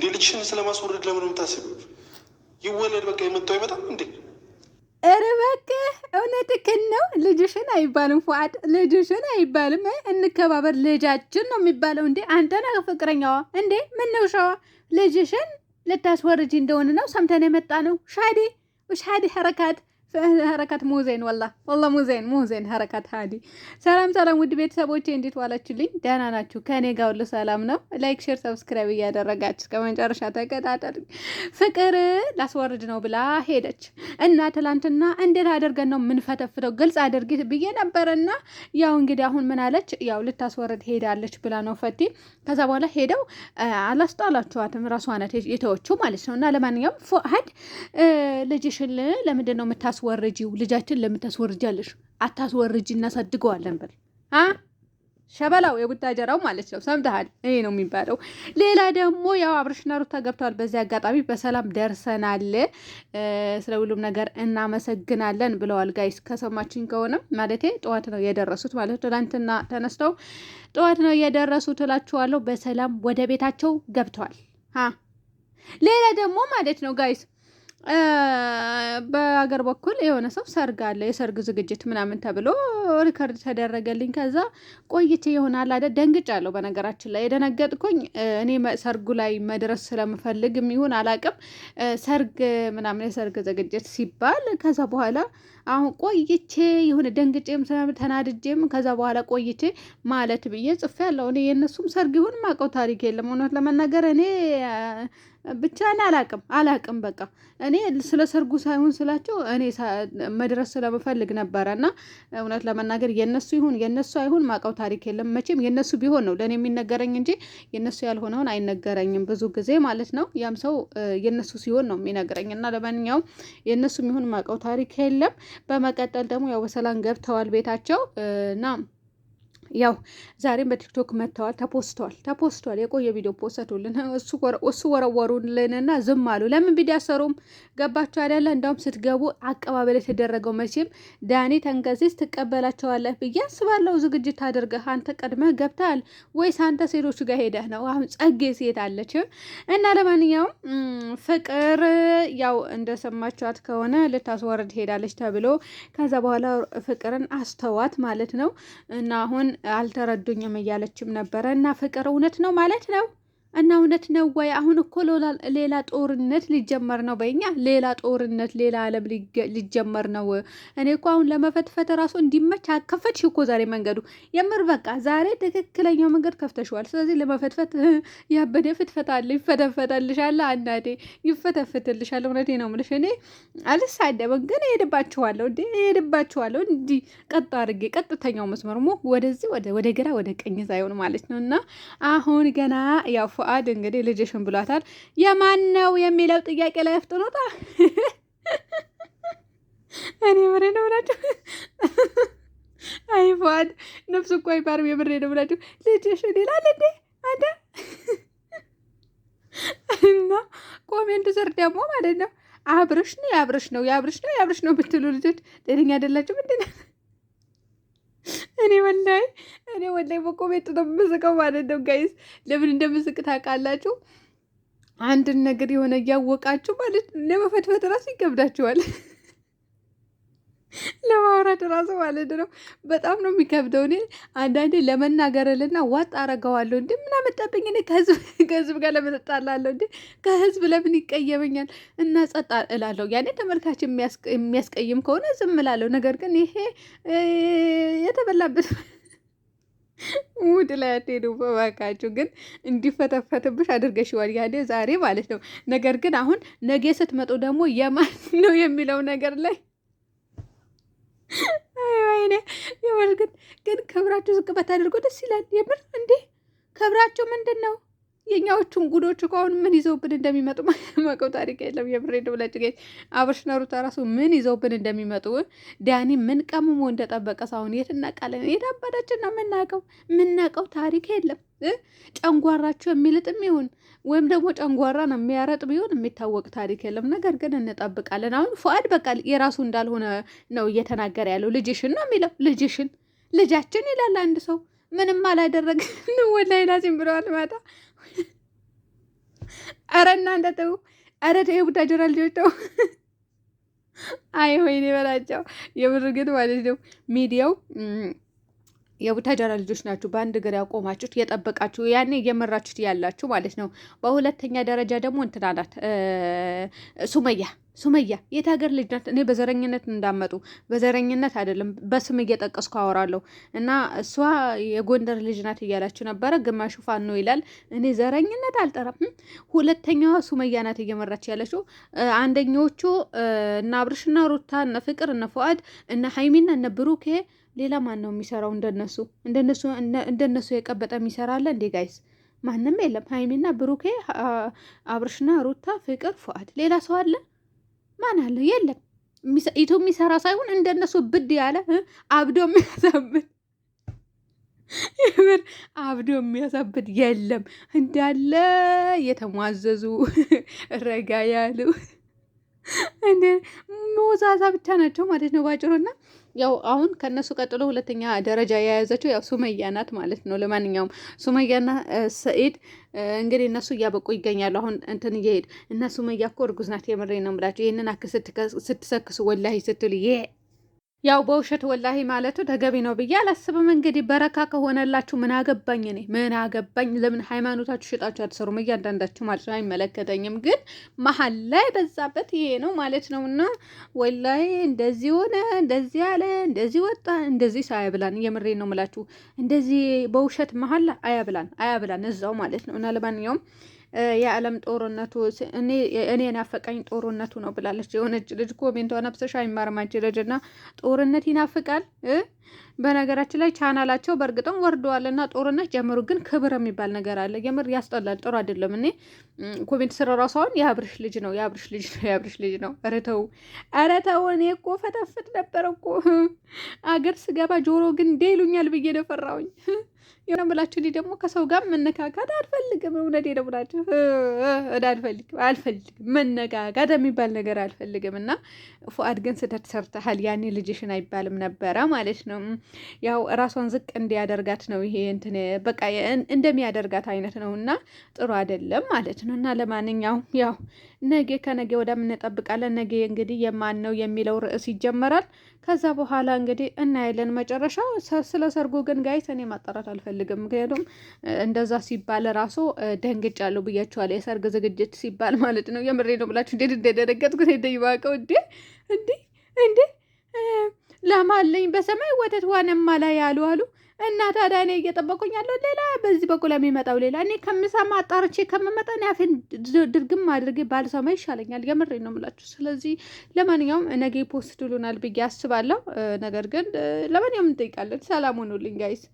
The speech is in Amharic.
እንዴ ልጅሽን ስለማስወረድ ለምን የምታስብ? ይወለድ በቃ የመጣው ይመጣል እንዴ ኧረ በቃ እውነትህን ነው። ልጅሽን አይባልም ፉአድ፣ ልጅሽን አይባልም። እንከባበር ልጃችን ነው የሚባለው። እንዴ አንተ ነህ ፍቅረኛዋ እንዴ? ምነው ሸዋ ልጅሽን ልታስወርጅ እንደሆነ ነው ሰምተን የመጣ ነው። ሻዴ ሻዴ ሀረካት ሀረካት ሙዜን ወላ ወላ ሙዜን ሙዜን ሀረካት ሀዲ። ሰላም ሰላም፣ ውድ ቤተሰቦቼ እንዴት ዋላችሁልኝ? ደህና ናችሁ? ከኔ ጋር ሁሉ ሰላም ነው። ላይክ፣ ሼር፣ ሰብስክራይብ እያደረጋችሁ እስከ መጨረሻ ፍቅር ላስወርድ ነው ብላ ሄደች እና ትላንትና እንዴት አድርገን ነው የምንፈተፍተው ግልጽ አድርጊ ብዬ ነበረና ያው እንግዲህ አሁን ምን አለች? ያው ልታስወርድ ሄዳለች ብላ ነው ፈቲ። ከዛ በኋላ ሄደው አላስጣላችኋትም ራሷ ናት የተወችው ማለት ነው። እና ለማንኛውም ፎሀድ ልጅሽን ለምንድን ነው የምታስ አታስወርጂው፣ ልጃችን ለምን ታስወርጃለሽ? አታስወርጂ፣ እናሳድገዋለን በል አ ሸበላው የቡታጀራው ማለት ነው። ሰምተሃል? ይሄ ነው የሚባለው። ሌላ ደግሞ ያው አብርሽና ሩታ ገብተዋል። በዚህ አጋጣሚ በሰላም ደርሰናል፣ ስለ ሁሉም ነገር እናመሰግናለን ብለዋል። ጋይስ ከሰማችን ከሆነ ማለት ጠዋት ነው የደረሱት ማለት ነው። ትናንትና ተነስተው ጠዋት ነው የደረሱት እላችኋለሁ። በሰላም ወደ ቤታቸው ገብተዋል። ሌላ ደግሞ ማለት ነው ጋይስ በሀገር በኩል የሆነ ሰው ሰርግ አለ የሰርግ ዝግጅት ምናምን ተብሎ ሪከርድ ተደረገልኝ። ከዛ ቆይቼ ይሆናል አደ ደንግጫለሁ። በነገራችን ላይ የደነገጥኩኝ እኔ ሰርጉ ላይ መድረስ ስለምፈልግ የሚሆን አላቅም። ሰርግ ምናምን የሰርግ ዝግጅት ሲባል ከዛ በኋላ አሁን ቆይቼ የሆነ ደንግጬም ስለምን ተናድጄም ከዛ በኋላ ቆይቼ ማለት ብዬ ጽፌያለሁ። እኔ የእነሱም ሰርግ ይሁን ማቀው ታሪክ የለም። እውነት ለመናገር እኔ ብቻ እኔ አላቅም አላቅም። በቃ እኔ ስለ ሰርጉ ሳይሆን ስላቸው እኔ መድረስ ስለምፈልግ ነበረ እና እውነት ለመናገር የነሱ ይሁን የነሱ አይሁን ማቀው ታሪክ የለም። መቼም የነሱ ቢሆን ነው ለእኔ የሚነገረኝ እንጂ የነሱ ያልሆነውን አይነገረኝም ብዙ ጊዜ ማለት ነው። ያም ሰው የነሱ ሲሆን ነው የሚነግረኝ እና ለማንኛውም የእነሱ የሚሆን ማቀው ታሪክ የለም። በመቀጠል ደግሞ ያው በሰላም ገብተዋል ቤታቸው እና ያው ዛሬም በቲክቶክ መጥተዋል፣ ተፖስተዋል ተፖስተዋል። የቆየ ቪዲዮ ፖስተቱልን እሱ ወረወሩልንና ዝም አሉ። ለምን ቪዲዮ አሰሩም? ገባቸው አይደለ? እንዳውም ስትገቡ አቀባበል የተደረገው መቼም ዳኒ ተንገዚዝ ትቀበላቸዋለህ ብዬ አስባለሁ። ዝግጅት አድርገህ አንተ ቀድመህ ገብተሃል ወይስ አንተ ሴቶች ጋር ሄደህ ነው? አሁን ጸጌ ሴት አለችም እና ለማንኛውም ፍቅር ያው እንደሰማችኋት ከሆነ ልታስወርድ ሄዳለች ተብሎ ከዛ በኋላ ፍቅርን አስተዋት ማለት ነው እና አሁን አልተረዱኝም እያለችም ነበረ እና ፍቅር እውነት ነው ማለት ነው እና እውነት ነው ወይ? አሁን እኮ ሌላ ጦርነት ሊጀመር ነው፣ በኛ ሌላ ጦርነት፣ ሌላ ዓለም ሊጀመር ነው። እኔ እኮ አሁን ለመፈትፈት ራሱ እንዲመች ከፈትሽ እኮ ዛሬ መንገዱ የምር በቃ ዛሬ ትክክለኛው መንገድ ከፍተሽዋል። ስለዚህ ለመፈትፈት ያበደ ፍትፈት አለ፣ ይፈተፈታልሻል፣ አናዴ ይፈተፍትልሻል። እውነቴ ነው የምልሽ። እኔ አልሳደብም ግን እሄድባችኋለሁ፣ እንዲ እሄድባችኋለሁ፣ እንዲ ቀጥ አድርጌ ቀጥተኛው መስመር ወደዚህ ወደ ግራ ወደ ቀኝ ሳይሆን ማለት ነው እና አሁን ገና ያው ፉአድ እንግዲህ ልጅሽን ብሏታል። የማን ነው የሚለው ጥያቄ ላይ አፍጥኖታ እኔ ምሬ ነው ብላችሁ አይ ፉአድ ነፍሱ እኮ አይባርም። የምሬ ነው ብላችሁ ልጅሽን ይላል እንዴ አንተ እና ኮሜንት ስር ደግሞ ማለት ነው አብርሽ ነው የአብርሽ ነው የአብርሽ ነው የአብርሽ ነው ብትሉ ልጆች ጤነኛ አይደላችሁ ምንድነው? እኔ ወላሂ እኔ ወላሂ በኮሜንት ነው የምስቀው ማለት ነው። ጋይስ ለምን እንደምስቅ ታውቃላችሁ? አንድን ነገር የሆነ እያወቃችሁ ማለት ለመፈትፈት ራሱ ይገብዳችኋል። መናገር ራሱ ማለት ነው በጣም ነው የሚከብደው። እኔ አንዳንዴ ልና ዋጥ አረገዋለሁ። እንዲ ምን አመጣብኝ እኔ ከህዝብ ጋር ለምን እጣላለሁ? እንደ ከህዝብ ለምን ይቀየመኛል? እና ጸጥ እላለሁ። ያኔ ተመልካች የሚያስቀይም ከሆነ ዝም እላለሁ። ነገር ግን ይሄ የተበላበት ሙድ ላይ አትሄዱም በባካችሁ። ግን እንዲፈተፈትብሽ አድርገሽዋል ያኔ ዛሬ ማለት ነው። ነገር ግን አሁን ነገ ስትመጡ ደግሞ የማን ነው የሚለው ነገር ላይ ወይኔ የወል ግን ግን ክብራቸው ዝቅበት አድርጎ ደስ ይላል። የምር እንዴ ክብራቸው ምንድን ነው? የእኛዎቹን ጉዶች እኮ አሁን ምን ይዘውብን እንደሚመጡ ማቀው ታሪክ የለም። የብሬ ደብላ ጌ አብርሽና ሩታ ራሱ ምን ይዘውብን እንደሚመጡ ዳኒ ምን ቀምሞ እንደጠበቀ ሳሁን የት እናቃለን? የዳባዳችን ነው የምናቀው። የምናቀው ታሪክ የለም። ጨንጓራቸው የሚልጥም ይሁን ወይም ደግሞ ጨንጓራ ነው የሚያረጥ ቢሆን የሚታወቅ ታሪክ የለም። ነገር ግን እንጠብቃለን። አሁን ፉአድ በቃ የራሱ እንዳልሆነ ነው እየተናገረ ያለው። ልጅሽን ነው የሚለው። ልጅሽን ልጃችን ይላል አንድ ሰው ምንም አላደረግን ወላይናችን ብለዋል ማታ አረ እናንተ ተው፣ አረ የቡታጀራ ልጆች ተው። አይ ወይኔ በላቸው። የምር ግን ማለት ነው ሚዲያው የቡታጀራ ልጆች ናችሁ። በአንድ እግር ያቆማችሁት የጠበቃችሁ ያኔ እየመራችሁት ያላችሁ ማለት ነው። በሁለተኛ ደረጃ ደግሞ እንትና ሱመያ ሱመያ የት ሀገር ልጅ ናት? እኔ በዘረኝነት እንዳመጡ በዘረኝነት አይደለም በስም እየጠቀስኩ አወራለሁ። እና እሷ የጎንደር ልጅ ናት እያላችሁ ነበረ። ግማሹ ፋኖ ይላል። እኔ ዘረኝነት አልጠራም። ሁለተኛዋ ሱመያ ናት እየመራች ያለችው። አንደኛዎቹ እነ አብርሽና ሩታ፣ እነ ፍቅር፣ እነ ፉአድ፣ እነ ሀይሚና እነ ብሩኬ። ሌላ ማን ነው የሚሰራው? እንደነሱ እንደነሱ እንደነሱ የቀበጠ የሚሰራ አለ እንዴ ጋይስ? ማንም የለም። ሀይሚና ብሩኬ፣ አብርሽና ሩታ፣ ፍቅር፣ ፉአድ። ሌላ ሰው አለ? ማን አለ? የለም። ኢትዮ የሚሰራ ሳይሆን እንደነሱ ብድ ያለ አብዶ የሚያሳብድ ይብር አብዶ የሚያሳብድ የለም። እንዳለ የተሟዘዙ ረጋ ያሉ እንደ መወዛዛ ብቻ ናቸው ማለት ነው ባጭሩና ያው አሁን ከነሱ ቀጥሎ ሁለተኛ ደረጃ የያዘችው ያው ሱመያ ናት ማለት ነው። ለማንኛውም ሱመያና ሰኢድ እንግዲህ እነሱ እያበቁ ይገኛሉ። አሁን እንትን እየሄድ እና ሱመያ እኮ እርጉዝ ናት። የምሬ ነው የምላቸው ይህንን አክል ስትሰክሱ ወላሂ ስትል ያው በውሸት ወላሂ ማለቱ ተገቢ ነው ብዬ አላስብም። እንግዲህ በረካ ከሆነላችሁ ምን አገባኝ እኔ ምን አገባኝ። ለምን ሃይማኖታችሁ ሽጣችሁ አትሰሩም? እያንዳንዳችሁ ማለት ነው። አይመለከተኝም። ግን መሀል ላይ በዛበት ይሄ ነው ማለት ነው። እና ወላሂ እንደዚህ ሆነ፣ እንደዚህ አለ፣ እንደዚህ ወጣ፣ እንደዚህ አያብላን። እየምሬ ነው ምላችሁ። እንደዚህ በውሸት መሀል አያብላን፣ አያብላን እዛው ማለት ነው። እና ለማንኛውም የዓለም ጦርነቱ እኔ ናፈቃኝ ጦርነቱ ነው ብላለች። የሆነች ልጅ ኮሜንቷ ነብሰሻ የሚማርማች ልጅ እና ጦርነት ይናፍቃል። በነገራችን ላይ ቻናላቸው በእርግጥም ወርደዋል እና ጦርነት ጀምሩ፣ ግን ክብር የሚባል ነገር አለ። የምር ያስጠላል፣ ጥሩ አይደለም። እኔ ኮሜንት ስራ ራሷን የአብርሽ ልጅ ነው የአብርሽ ልጅ ነው የአብርሽ ልጅ ነው። ኧረ ተው፣ ኧረ ተው። እኔ እኮ ፈተፍት ነበር እኮ አገር ስገባ ጆሮ ግን ዴ ይሉኛል ብዬ ነው የሆነ ብላችሁ ሊ ደግሞ ከሰው ጋር መነካካት አልፈልግም። እውነቴ ነው ብላችሁ አልፈልግም አልፈልግም መነጋጋት የሚባል ነገር አልፈልግም። እና ፉአድ ግን ስህተት ሰርተሃል። ያኔ ልጅሽን አይባልም ነበረ ማለት ነው። ያው እራሷን ዝቅ እንዲያደርጋት ነው ይሄ እንትን በቃ እንደሚያደርጋት አይነት ነው እና ጥሩ አይደለም ማለት ነው። እና ለማንኛውም ያው ነገ ከነገ ወደ ምንጠብቃለን። ነገ እንግዲህ የማን ነው የሚለው ርዕስ ይጀመራል። ከዛ በኋላ እንግዲህ እናያለን መጨረሻው። ስለ ሰርጉ ግን ጋይ እኔ ማጣራት አልፈልግም፣ ምክንያቱም እንደዛ ሲባል ራሱ ደንግጫለሁ ብያችኋለሁ። የሰርግ ዝግጅት ሲባል ማለት ነው። የምሬ ነው ብላችሁ እንዴት እንደደነገጥኩ እንደይባቀው እንዴ እንዴ እንዴ ለማለኝ በሰማይ ወተት ዋነማ ላይ አሉ አሉ እና ታዲያ እኔ እየጠበቁኝ ያለው ሌላ፣ በዚህ በኩል የሚመጣው ሌላ። እኔ ከምሰማ አጣርቼ ከምመጣ እኔ አፌን ድርግም አድርጌ ባልሰማ ይሻለኛል። የምሬ ነው የምላችሁ። ስለዚህ ለማንኛውም ነገ ፖስት ይሉናል ብዬ አስባለሁ። ነገር ግን ለማንኛውም እንጠይቃለን። ሰላም ጋይስ።